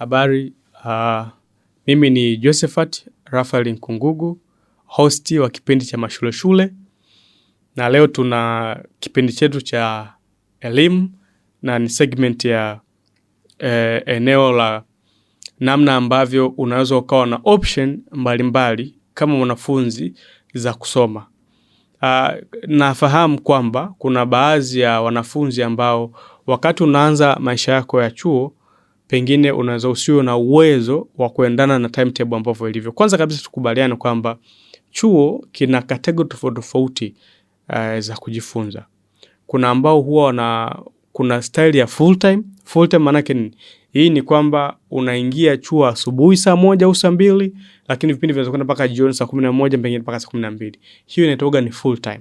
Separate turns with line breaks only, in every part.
Habari. Uh, mimi ni Josephat Rafael Nkungugu, hosti wa kipindi cha Mashule Shule, na leo tuna kipindi chetu cha elimu na ni segment ya eh, eneo la namna ambavyo unaweza ukawa na option mbalimbali mbali, kama mwanafunzi za kusoma. Uh, nafahamu kwamba kuna baadhi ya wanafunzi ambao wakati unaanza maisha yako ya chuo pengine unaweza usiwe na uwezo wa kuendana na timetable ambavyo ilivyo. Kwanza kabisa tukubaliane kwamba chuo kina kategori tofauti tofauti uh, za kujifunza. Kuna ambao huwa wana kuna style ya full time. Full time maana ni hii ni kwamba unaingia chuo asubuhi saa moja au saa mbili, lakini vipindi vinaweza kwenda mpaka jioni saa kumi na moja pengine mpaka saa kumi na mbili. Hiyo inaitwa ni full time.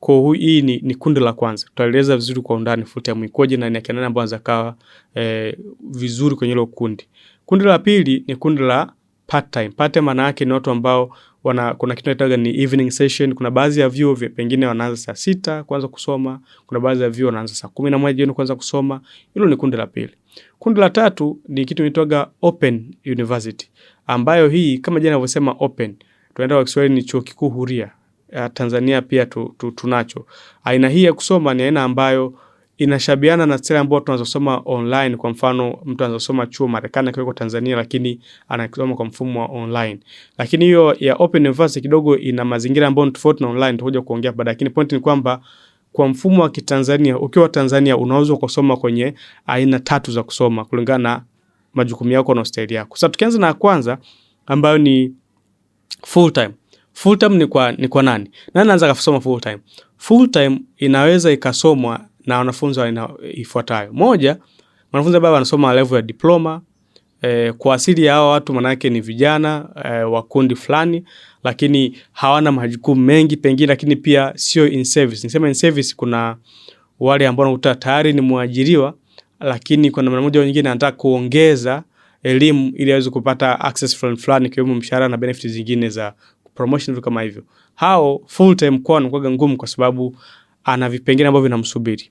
Kwa hiyo hii ni, ni kundi la kwanza. Tutaeleza vizuri kwa undani full time ikoje na ni akina nani ambao wanakaa e, eh, vizuri kwenye hilo kundi. Kundi la pili ni kundi la part time. Part time maana yake ni watu ambao wana, kuna kitu kinaitwa ni evening session. Kuna baadhi ya vyuo pengine wanaanza saa sita kuanza kusoma, kuna baadhi ya vyuo wanaanza saa kumi na moja jioni kuanza kusoma. Hilo ni kundi la pili. Kundi la tatu ni kitu inaitwa open university, ambayo hii kama jana inavyosema open, tunaenda kwa Kiswahili ni chuo kikuu huria ya eh, Tanzania pia tu, tu, tunacho. Aina hii ya kusoma ni aina ambayo inashabiana na zile ambayo tunazosoma online. Kwa mfano, mtu anazosoma chuo Marekani akiwa kwa Tanzania, lakini anasoma kwa mfumo wa online. Lakini hiyo ya Open University kidogo ina mazingira ambayo ni tofauti na online, tutakuja kuongea baadaye. Lakini point ni kwamba kwa mfumo wa Kitanzania, ukiwa Tanzania unaweza kusoma kwenye aina tatu za kusoma kulingana na majukumu yako na staili yako. Sasa tukianza na kwanza ambayo ni full time. Full time ni kwa, ni kwa nani? Nani anaweza kusoma full time? Full time inaweza ikasomwa na wanafunzi ifuatayo. Moja, wanafunzi ambao wanasoma level ya diploma E, kwa asili ya hao watu manake ni vijana e, wa kundi fulani, lakini hawana majukumu mengi pengine, lakini pia sio in service. Nisema in service, kuna wale ambao wanakuta tayari ni mwajiriwa, lakini kwa namna moja nyingine anataka kuongeza elimu ili aweze kupata access fulani fulani ikiwemo mshahara na benefits zingine za promotion, vitu kama hivyo. Hao full time kwao anakuwa ngumu, kwa sababu ana vipengele ambavyo vinamsubiri.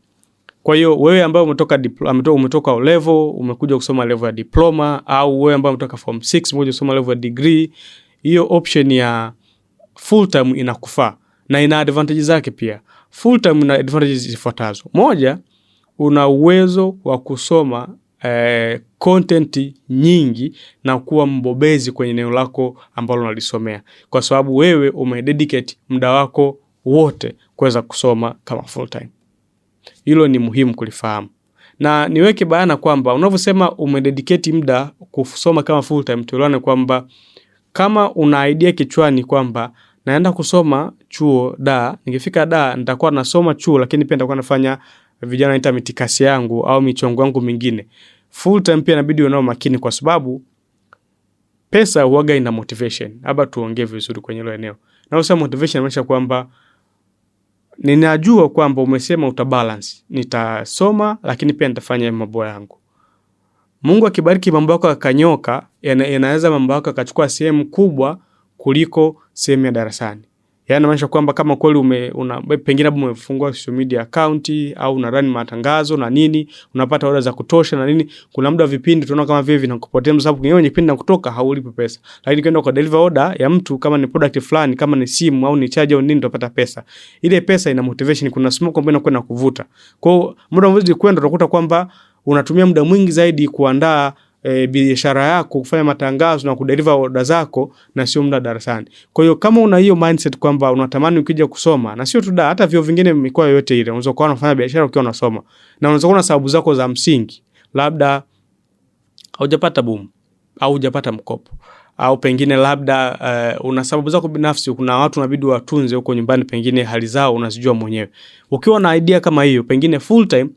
Kwa hiyo wewe ambaye umetoka umetoka O level umekuja kusoma level ya diploma, au wewe ambaye umetoka form 6 umekuja kusoma level ya degree, hiyo option ya full time inakufaa na ina advantages zake pia. Full time ina advantages zifuatazo: moja, una uwezo wa kusoma Eh, content nyingi na kuwa mbobezi kwenye eneo lako ambalo unalisomea, kwa sababu wewe umededicate muda wako wote kuweza kusoma kama full time. Hilo ni muhimu kulifahamu na niweke bayana kwamba unavyosema umededicate muda kusoma kama full time, tuelewane kwamba kama una idea kichwani kwamba naenda kusoma chuo da, nikifika da nitakuwa nasoma chuo, lakini pia nitakuwa nafanya vijana wanaita mitikasi yangu au michongo yangu mingine. Full time pia inabidi uwe nao makini, kwa sababu pesa huaga ina motivation. Hapa tuongee vizuri kwenye hilo eneo, na usema motivation inamaanisha kwamba ninajua kwamba umesema utabalance nitasoma lakini pia nitafanya mambo yangu. Mungu akibariki mambo yako yakanyoka yanaweza mambo yako yakachukua sehemu kubwa kuliko sehemu ya darasani. Yaani inamaanisha kwamba kama kweli ume una, pengine labda umefungua social media account au una run matangazo na nini, unapata oda za kutosha na nini. Kuna muda vipindi tunaona kama vile vinakupotea kwa sababu kwenye kipindi nakutoka haulipi pesa. Lakini kwenda kwa deliver order ya mtu kama ni product fulani, kama ni simu au ni charger au nini utapata pesa. Ile pesa ina motivation, kuna smoke ambayo inakwenda kuvuta. Kwa hiyo muda mwezi kwenda utakuta kwamba unatumia muda mwingi zaidi kuandaa e, biashara yako kufanya matangazo na kudeliver oda zako na sio muda darasani. Kwa hiyo kama una hiyo mindset kwamba unatamani ukija kusoma na sio tu da, hata vyo vingine mikoa yoyote ile unaweza kuwa unafanya biashara ukiwa unasoma na unaweza kuwa na sababu zako za msingi, labda haujapata boom au hujapata mkopo au pengine labda uh, una sababu zako binafsi. Kuna watu unabidi watunze huko nyumbani, pengine hali zao unazijua mwenyewe. Ukiwa na idea kama hiyo, pengine full time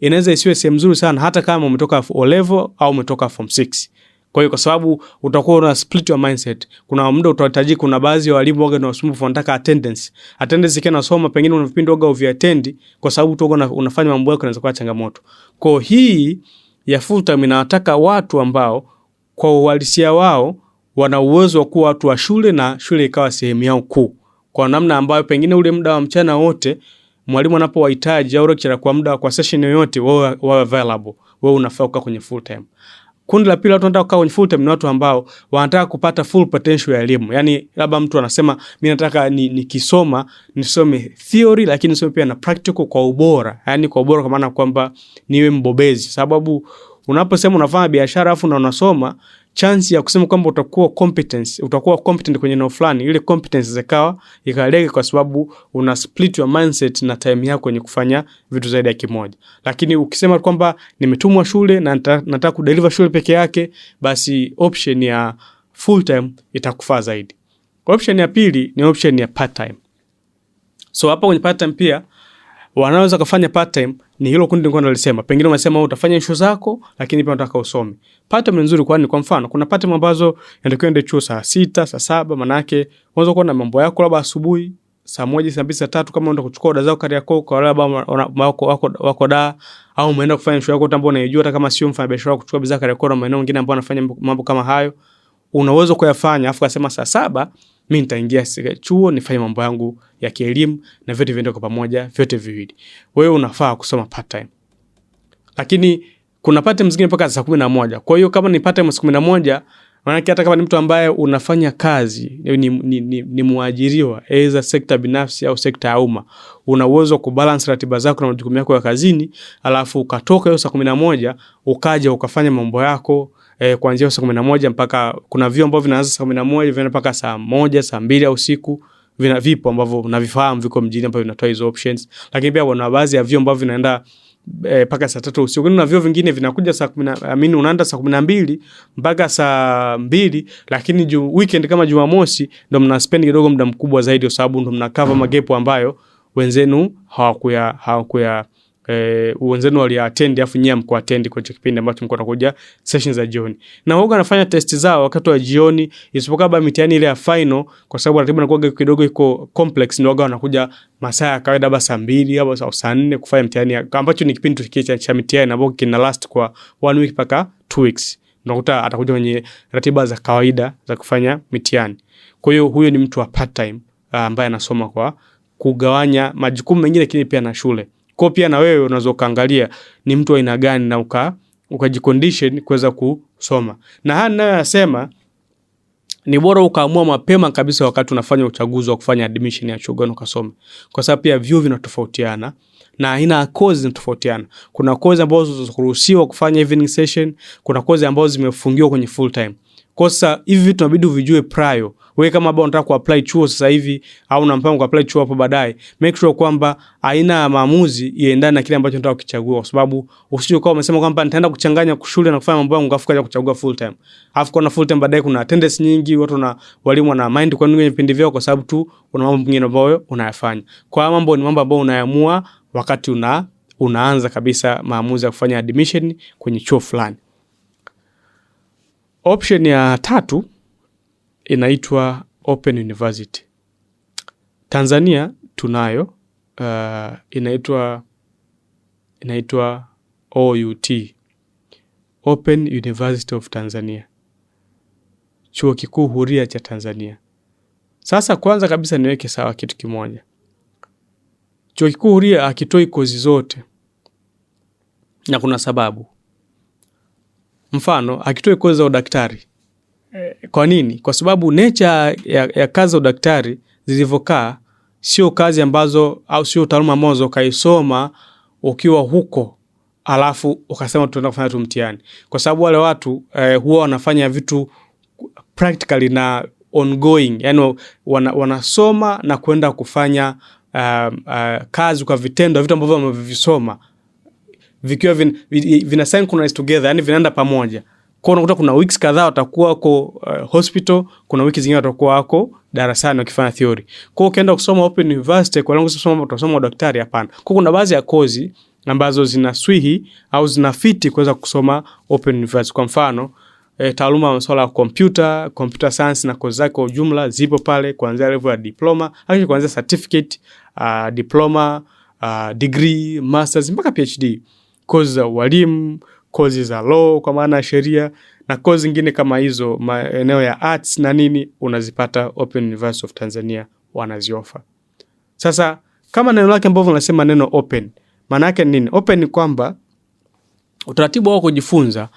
inaweza isiwe sehemu nzuri sana hata kama umetoka O level au umetoka form 6. Kwa hiyo kwa sababu utakuwa una split your mindset. Kuna muda utahitaji, kuna baadhi ya walimu waga na wasumbufu wanataka attendance. Attendance ikiwa nasoma pengine una vipindi waga uviattend kwa sababu tu waga unafanya mambo yako inaweza kuwa changamoto. Kwa hii ya full time inawataka watu ambao kwa uhalisia wao wana uwezo wa kuwa watu wa shule na shule ikawa sehemu yao kuu. Kwa namna ambayo pengine ule muda wa mchana wote mwalimu anapowahitaji au lecturer kwa muda kwa session yoyote, wewe wao available, wewe unafaa kukaa kwenye full time. Kundi la pili watu wanataka kukaa kwenye full time ni watu ambao wanataka kupata full potential ya elimu. Yaani labda mtu anasema mimi nataka nikisoma ni nisome theory lakini nisome pia na practical kwa ubora. Yaani kwa ubora kwa maana kwamba niwe mbobezi sababu unaposema unafanya biashara afu na unasoma chance ya kusema kwamba utakuwa competence, utakuwa competent kwenye eneo fulani, ile competence zikawa ikalege, kwa sababu una split your mindset na time yako kwenye kufanya vitu zaidi ya kimoja. Lakini ukisema kwamba nimetumwa shule na nataka kudeliver shule peke yake, basi option ya full time itakufaa zaidi. Option ya pili ni option ya part time. So hapa kwenye part time pia wanaweza kufanya part time ni hilo kundi nilikuwa nalisema. Pengine unasema utafanya issue zako, lakini pia unataka usome. Part time ni nzuri, kwani kwa mfano kuna part time ambazo inatakiwa ende chuo saa sita, saa saba, manake unaweza kuwa na mambo yako labda asubuhi saa moja, saa mbili, saa tatu kama unaenda kuchukua oda zako Kariakoo kwa wale ambao wako, wako, wako da au umeenda kufanya shughuli yako ambayo unaijua, hata kama sio mfanya biashara kuchukua bidhaa Kariakoo na maeneo mengine ambao wanafanya mambo kama hayo, unaweza kuyafanya afu kasema saa saba mimi nitaingia chuo nifanye mambo yangu ya kielimu na vyote viende kwa pamoja, vyote viwili. Wewe unafaa kusoma part time, lakini kuna part time zingine mpaka saa kumi na moja. Kwa hiyo kama ni part time saa kumi na moja, maanake hata kama ni mtu ambaye unafanya kazi ni, ni, ni, ni mwajiriwa aidha sekta binafsi au sekta ya umma, una uwezo wa kubalance ratiba zako na majukumu yako ya kazini, alafu ukatoka hiyo saa kumi na moja ukaja ukafanya mambo yako eh, kuanzia saa kumi na moja mpaka kuna vyuo ambavyo vinaanza saa kumi na moja vinaenda mpaka saa moja saa mbili au usiku vina vipo ambavyo navifahamu viko mjini ambavyo vinatoa hizo options, lakini pia kuna baadhi ya vyuo ambavyo vinaenda eh, mpaka saa tatu usiku kuna vyuo vingine vinakuja saa kumi na amini unaenda saa kumi na mbili mpaka saa mbili, lakini ju, weekend kama Jumamosi ndo mna spend kidogo muda mkubwa zaidi, kwa sababu ndo mna cover magepo ambayo wenzenu hawakuya hawakuya eh, wenzenu waliattend afu nyinyi mkuattend kwa kipindi ambacho mko nakuja session za jioni. Na wao anafanya test zao wakati wa jioni, isipokuwa ba mitihani ile ya final, kwa sababu ratiba inakuwa kidogo iko complex, ndio waga wanakuja masaa ya kawaida ba saa 2 au saa saa 4 kufanya mtihani ambacho ni kipindi tukiacha cha mitihani ambacho kina last kwa one week paka two weeks. Unakuta atakuja kwenye ratiba za kawaida za kufanya mitihani. Kwa hiyo huyo ni mtu wa part time ah, ambaye anasoma kwa kugawanya majukumu mengine, lakini pia na shule. Kwa pia na wewe unaweza ukaangalia ni mtu aina gani na uka ukajicondition kuweza kusoma. Na haya ninayoyasema ni bora ukaamua mapema kabisa wakati unafanya uchaguzi wa kufanya admission ya chuo gani ukasome. Kwa sababu pia vyuo vinatofautiana na aina ya kozi zinatofautiana. Kuna kozi ambazo zinaruhusiwa kufanya evening session, kuna kozi ambazo zimefungiwa kwenye full time. Kosa hivi vitu inabidi uvijue prior. Wewe kama bado unataka kuapply chuo sasa hivi au una mpango kuapply chuo hapo baadaye, make sure kwamba aina ya maamuzi iendane na kile ambacho unataka kuchagua, kwa sababu usije ukawa umesema kwamba nitaenda kuchanganya kushule na kufanya mambo yangu afu kaja kuchagua full time. Afu kuna full time baadaye kuna attendance nyingi, watu na walimu wana mind kwa nini vipindi vyao, kwa sababu tu una mambo mengine ambayo unayafanya. Kwa hiyo mambo ni mambo ambayo unayamua wakati una unaanza kabisa maamuzi ya kufanya admission kwenye chuo fulani. Option ya tatu inaitwa Open University. Tanzania tunayo uh, inaitwa inaitwa OUT Open University of Tanzania, chuo kikuu huria cha Tanzania. Sasa kwanza kabisa niweke sawa kitu kimoja, chuo kikuu huria akitoi kozi zote na kuna sababu Mfano, akitoe kozi za udaktari. Eh, kwa nini? Kwa sababu necha ya, ya kazi za udaktari zilivyokaa sio kazi ambazo au sio taaluma mozo ukaisoma ukiwa huko alafu ukasema tunaenda kufanya tu mtihani, kwa sababu wale watu eh, huwa wanafanya vitu practically na ongoing, yani wana, wanasoma na kwenda kufanya uh, uh, kazi kwa vitendo, vitu ambavyo wamevisoma vikiwa vin, vina synchronize together, yani vinaenda pamoja. Kwa unakuta kuna weeks kadhaa watakuwa wako uh, hospital, kuna wiki zingine watakuwa wako darasani wakifanya theory. Kwa ukienda kusoma Open University kwa lengo kusoma utasoma udaktari, hapana. Kwa kuna baadhi ya kozi ambazo zinaswihi au zinafiti kuweza kusoma Open University. Kwa mfano E, taaluma ya masuala ya kompyuta, computer science na kozi zake kwa ujumla zipo pale kuanzia level ya diploma, hadi kuanzia certificate, uh, diploma, uh, degree, masters mpaka PhD kozi za ualimu, kozi za law kwa maana ya sheria na kozi zingine kama hizo, maeneo ya arts na nini, unazipata Open University of Tanzania wanaziofa. Sasa kama neno lake ambavyo unasema neno open, maana yake nini? Open ni kwamba utaratibu wa kujifunza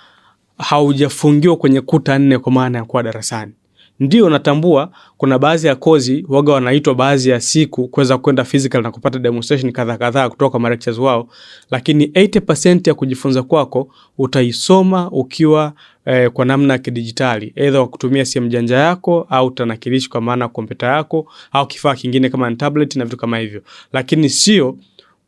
haujafungiwa kwenye kuta nne, kwa maana ya kuwa darasani. Ndio natambua kuna baadhi ya kozi waga wanaitwa baadhi ya siku kuweza kwenda physical na kupata demonstration kadha kadhaa kutoka kwa malectures wao, lakini 80% ya kujifunza kwako utaisoma ukiwa eh, kwa namna ya kidijitali, aidha kwa kutumia simu janja yako au tanakilishi kwa maana kompyuta yako au kifaa kingine kama tablet na vitu kama hivyo, lakini sio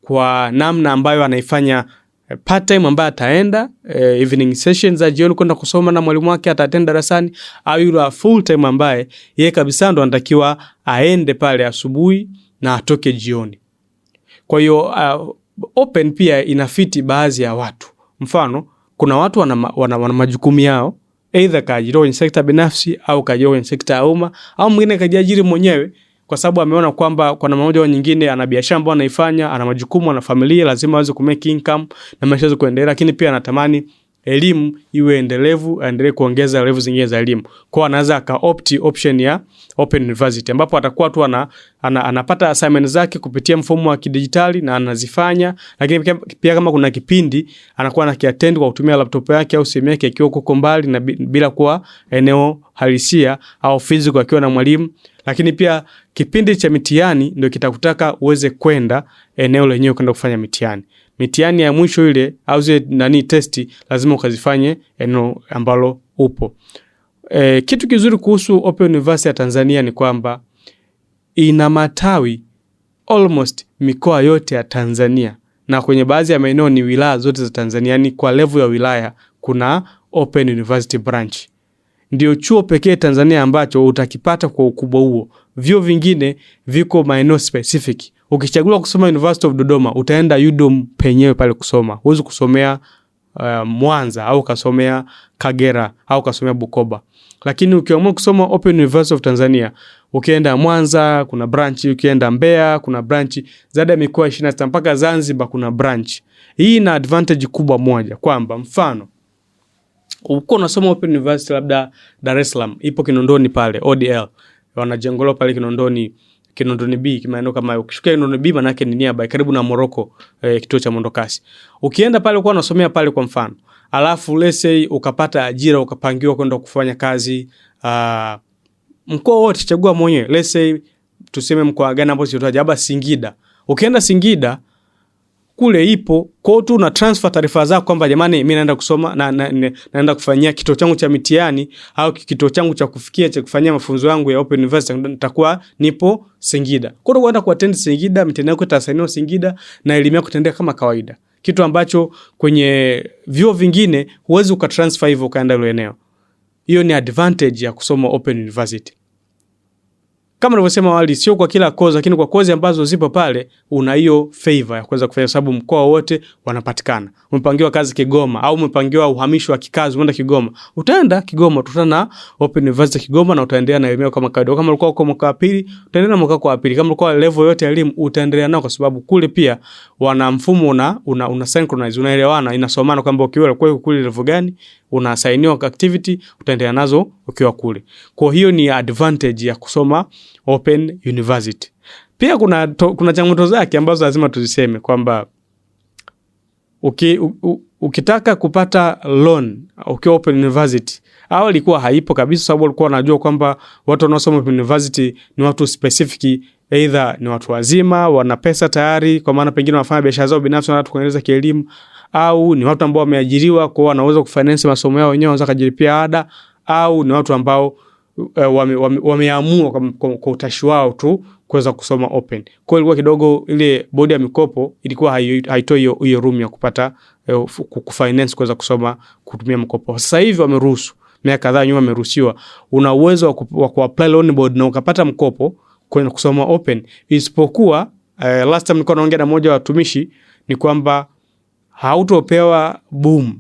kwa namna ambayo anaifanya Eh, part time ambaye ataenda eh, evening sessions za jioni kwenda kusoma na mwalimu wake atatenda darasani, au yule full time ambaye ye kabisa ndo anatakiwa aende pale asubuhi na atoke jioni. Kwa hiyo uh, open pia inafiti baadhi ya watu. Mfano, kuna watu wana, wana, wana majukumu yao, aidha kaajiriwa kwenye sekta binafsi au kaajiriwa kwenye sekta ya umma au mwingine kajiajiri mwenyewe kwa sababu ameona kwamba kwa namna moja au nyingine ana biashara ambayo anaifanya, ana majukumu, ana familia, lazima aweze kumake income na maisha yake kuendelea, lakini pia anatamani elimu iwe endelevu, aendelee kuongeza levu zingine za elimu. Kwa anaweza aka option ya Open University ambapo atakuwa tu ana, ana, anapata assignment zake kupitia mfumo wa kidijitali na anazifanya, lakini pia kama kuna kipindi anakuwa anakiattend kwa kutumia laptop yake au simu yake akiwa huko mbali na bila kuwa eneo halisia au physical akiwa na mwalimu. Lakini pia kipindi cha mitihani ndio kitakutaka uweze kwenda eneo lenyewe kwenda kufanya mitihani mitihani ya mwisho ile au zile nani testi lazima ukazifanye eneo ambalo upo. E, kitu kizuri kuhusu Open University ya Tanzania ni kwamba ina matawi almost mikoa yote ya Tanzania na kwenye baadhi ya maeneo ni wilaya zote za Tanzania. ni kwa level ya wilaya kuna Open University branch, ndio chuo pekee Tanzania ambacho utakipata kwa ukubwa huo. Vyuo vingine viko maeneo specific ukichagua kusoma University of Dodoma utaenda UDOM penyewe pale kusoma. Huwezi kusomea uh, Mwanza au kasomea Kagera au kasomea Bukoba. Lakini ukiamua kusoma Open University of Tanzania, ukienda Mwanza kuna branch, ukienda Mbeya kuna branch, zaidi ya mikoa 26 mpaka Zanzibar kuna branch. Hii ina advantage kubwa moja kwamba mfano uko unasoma Open University labda Dar es Salaam, ipo Kinondoni pale ODL. wanajengolo pale Kinondoni Kinondoni B kimaeneo kama ukishukia Kinondoni B ni karibu na Moroko eh, kituo cha Mondokasi. Ukienda pale kwa unasomea pale kwa mfano, alafu let's say ukapata ajira ukapangiwa kwenda kufanya kazi uh, mkoa wote, chagua mwenyewe, let's say tuseme mkoa gani ambao sitaja, labda Singida. Ukienda Singida kule ipo kwao tu, na transfer taarifa zako kwamba jamani, mimi naenda kusoma na, na, na, naenda kufanyia kituo changu cha mitiani au kituo changu cha kufikia cha kufanyia mafunzo yangu ya Open University, nitakuwa nipo Singida. Kwa hiyo unaenda kuattend Singida, mitihani yako itasainiwa Singida na elimu yako itaendelea kama kawaida, kitu ambacho kwenye vyuo vingine huwezi ukatransfer hivyo ukaenda ile eneo. Hiyo ni advantage ya kusoma Open University kama nilivyosema awali, sio kwa kila kozi, lakini kwa kozi ambazo zipo pale una hiyo favor ya kuweza kufanya, sababu mkoa wote wanapatikana. Umepangiwa kazi Kigoma au umepangiwa uhamisho wa kikazi umeenda Kigoma, utaenda Kigoma, utakutana na Open University Kigoma na utaendelea na elimu kama kawaida. Kama ulikuwa uko mwaka wa pili, utaendelea na mwaka wa pili. Kama ulikuwa level yote ya elimu, utaendelea nao, kwa sababu kule pia wana mfumo una una, una synchronize, unaelewana, inasomana kwamba ukiwa kule kule level gani unasainiwa activity, utaendelea nazo ukiwa kule. Kwa hiyo ni advantage ya kusoma Open University. Pia kuna, to, kuna changamoto zake ambazo lazima tuziseme kwamba uki, ukitaka kupata loan ukiwa Open University au ilikuwa haipo kabisa, sababu walikuwa wanajua kwamba watu wanaosoma Open University ni watu specific, either ni watu wazima wana pesa tayari, kwa maana pengine wanafanya biashara zao binafsi, wanataka kuendeleza kielimu, au ni watu ambao wameajiriwa, kwa hiyo wanaweza kufinance masomo yao wenyewe, wanaweza kujilipia ada, au ni watu ambao Eh, wameamua kwa, utashi wao tu kuweza kusoma open. Kwa hiyo ilikuwa kidogo ile bodi ya mikopo ilikuwa haitoi hiyo hiyo room ya kupata uh, eh, kufinance kuweza kusoma kutumia mkopo. Sasa hivi wameruhusu, miaka kadhaa nyuma wameruhusiwa, una uwezo wa kuapply loan board na ukapata mkopo kwenda kusoma open, isipokuwa uh, last time nilikuwa naongea na mmoja wa watumishi ni kwamba hautopewa boom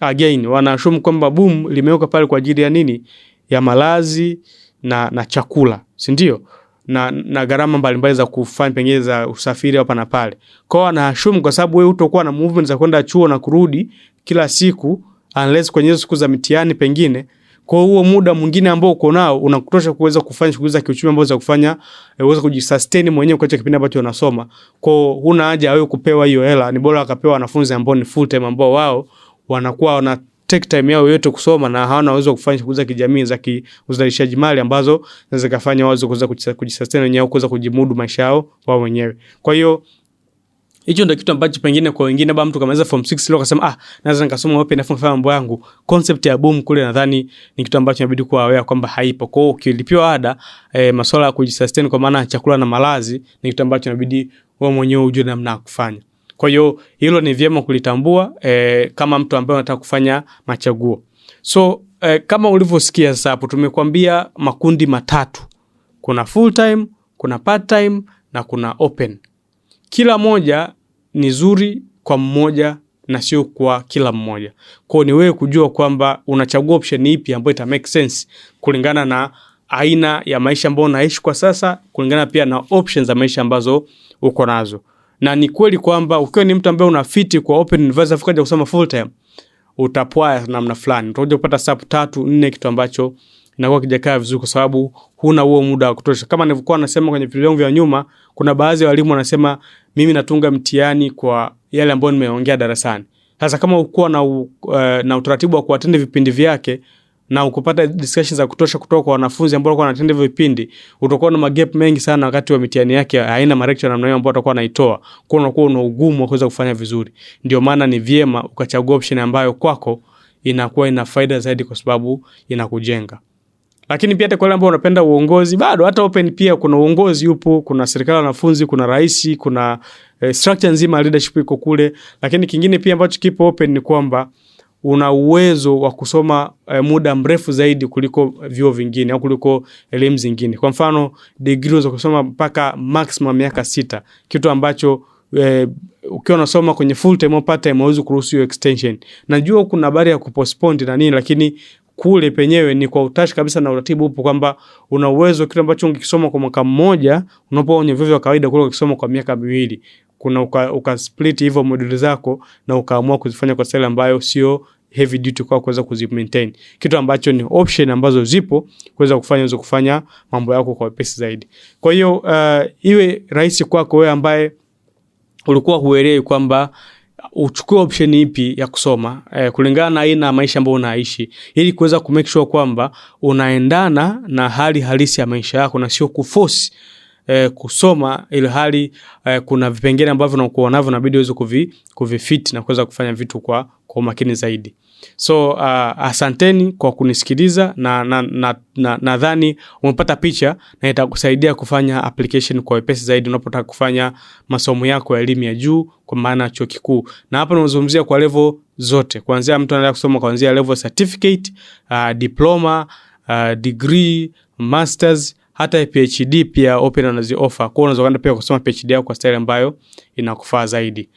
again, wanashumu kwamba boom limewekwa pale kwa ajili ya nini ya malazi na, na chakula si ndio na, na gharama mbalimbali za kufanya pengine za usafiri hapa na pale kwao anaashumu kwa sababu wewe hutokuwa na movement za kwenda chuo na kurudi kila siku unless kwenye siku za mitihani pengine kwa huo muda mwingine ambao uko nao unakutosha kuweza kufanya shughuli za kiuchumi ambazo za kufanya eh, uweze kujisustain mwenyewe kwa kipindi ambacho unasoma. Kwa hiyo huna haja wewe kupewa hiyo hela, ni bora akapewa wanafunzi ambao ni full time ambao wao wanakuwa wana take time yao yote kusoma na hawana uwezo wa kufanya shughuli za kijamii za uzalishaji mali ambazo zinaweza kufanya wao kuweza kujisustain wenyewe, kuweza kujimudu maisha yao wao wenyewe. Kwa hiyo hicho ndio kitu ambacho pengine kwa wengine baba, mtu kamaliza form 6 leo akasema ah, naweza nikasoma open afu nifanye mambo yangu. Concept ya boom kule, nadhani ni kitu ambacho inabidi kuwa aware kwamba haipo. Kwa hiyo ukilipiwa ada eh, masuala ya kujisustain kwa maana chakula na malazi ni kitu ambacho inabidi wewe mwenyewe ujue namna ya kufanya. Kwa hiyo hilo ni vyema kulitambua eh, kama mtu ambaye anataka kufanya machaguo. So eh, kama ulivyosikia sasa hapo tumekwambia makundi matatu. Kuna full time, kuna part time na kuna open. Kila moja ni zuri kwa mmoja na sio kwa kila mmoja. Kwa hiyo ni wewe kujua kwamba unachagua option ipi ambayo ita make sense kulingana na aina ya maisha ambayo unaishi kwa sasa, kulingana pia na options za maisha ambazo uko nazo na ni kweli kwamba ukiwa ni mtu ambaye unafiti kwa Open University ukaja kusoma full time utapwaya namna fulani, utakuja kupata sapu tatu nne, kitu ambacho inakuwa kijakaa vizuri, kwa sababu huna huo muda wa kutosha. Kama nilivyokuwa nasema kwenye video vya nyuma, kuna baadhi ya walimu wanasema mimi natunga mtihani kwa yale ambayo nimeongea darasani. Sasa kama ukuwa na, uh, na utaratibu wa kuatende vipindi vyake na ukupata discussion za kutosha kutoka kwa wanafunzi ambao walikuwa wanatenda hivyo vipindi, utakuwa na magap mengi sana wakati wa mitihani yake, haina marection namna hiyo ambayo atakuwa anaitoa, kwa unakuwa una ugumu wa kuweza kufanya vizuri. Ndio maana ni vyema ukachagua option ambayo kwako inakuwa ina faida zaidi, kwa sababu inakujenga lakini pia hata kwa wale ambao wanapenda uongozi bado hata open pia kuna uongozi upo, kuna serikali ya wanafunzi, kuna rais, kuna eh, structure nzima leadership iko kule. Lakini kingine pia ambacho kipo open ni kwamba una uwezo wa kusoma e, muda mrefu zaidi kuliko eh, vyuo vingine au kuliko elimu zingine. Kwa mfano, degree unaweza kusoma mpaka maximum miaka sita, kitu ambacho e, ukiwa unasoma kwenye full time au part time hauwezi kuruhusu hiyo extension. Najua kuna habari ya kupostpone na nini, lakini kule penyewe ni kwa utashi kabisa na uratibu upo kwamba una uwezo, kile ambacho ungekisoma kwa mwaka mmoja unapoona vyuo vya kawaida kule ukisoma kwa miaka miwili kuna uka, uka hivyo moduli zako na ukaamua kuzifanya kwa style ambayo sio heavy duty kwa kuweza kuzi maintain, kitu ambacho ni option ambazo zipo kuweza kufanya hizo kufanya mambo yako kwa wepesi zaidi. Kwa hiyo uh, iwe rahisi kwako wewe ambaye ulikuwa huelewi kwamba uchukue option ipi ya kusoma eh, kulingana na aina ya maisha ambayo unaishi ili kuweza kumake sure kwamba unaendana na hali halisi ya maisha yako na sio kuforce eh, kusoma ili hali eh, kuna vipengele ambavyo unakuwa navyo inabidi uweze kuvi, kuvifit na kuweza kufanya vitu kwa, kwa umakini zaidi. So uh, asanteni kwa kunisikiliza na nadhani na, na, na umepata picha na itakusaidia kufanya application kwa wepesi zaidi unapotaka kufanya masomo yako ya elimu ya juu kwa maana chuo kikuu. Na hapa nazungumzia kwa level zote, kuanzia mtu anaenda kusoma kuanzia level certificate, uh, diploma, uh, degree, masters hata PhD pia Open wanazi offer. Kwa unaweza kwenda pia kusoma PhD yako kwa style ambayo inakufaa zaidi.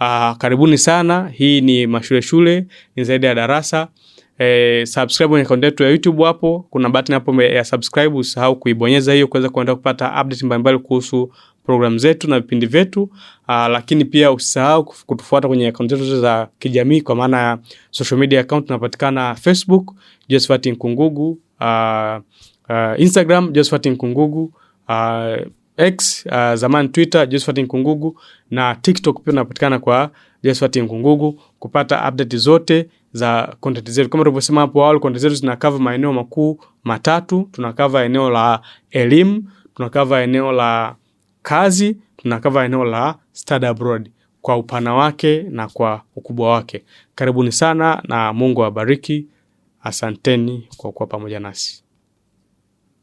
Uh, karibuni sana. Hii ni Mashule Shule, ni zaidi ya darasa. Eh, subscribe kwenye account yetu ya YouTube hapo, kuna button hapo ya subscribe, usahau kuibonyeza hiyo kuweza kuenda kupata update mbalimbali kuhusu programu zetu na vipindi vyetu. Uh, lakini pia usisahau kutufuata kwenye account zetu za kijamii kwa maana social media account, tunapatikana Facebook Josephat Nkungugu. Uh, uh, Instagram Josephat Nkungugu, uh, X uh, zamani Twitter Josephat Nkungugu na TikTok pia unapatikana kwa Josephat Nkungugu kupata update zote za content zetu. Kama tulivyosema hapo awali, content zetu zinakava maeneo makuu matatu. Tunakava eneo la elimu, tunakava eneo la kazi, tunakava eneo la study abroad kwa upana wake na kwa ukubwa wake. Karibuni sana na Mungu awabariki. Asanteni kwa kuwa pamoja nasi.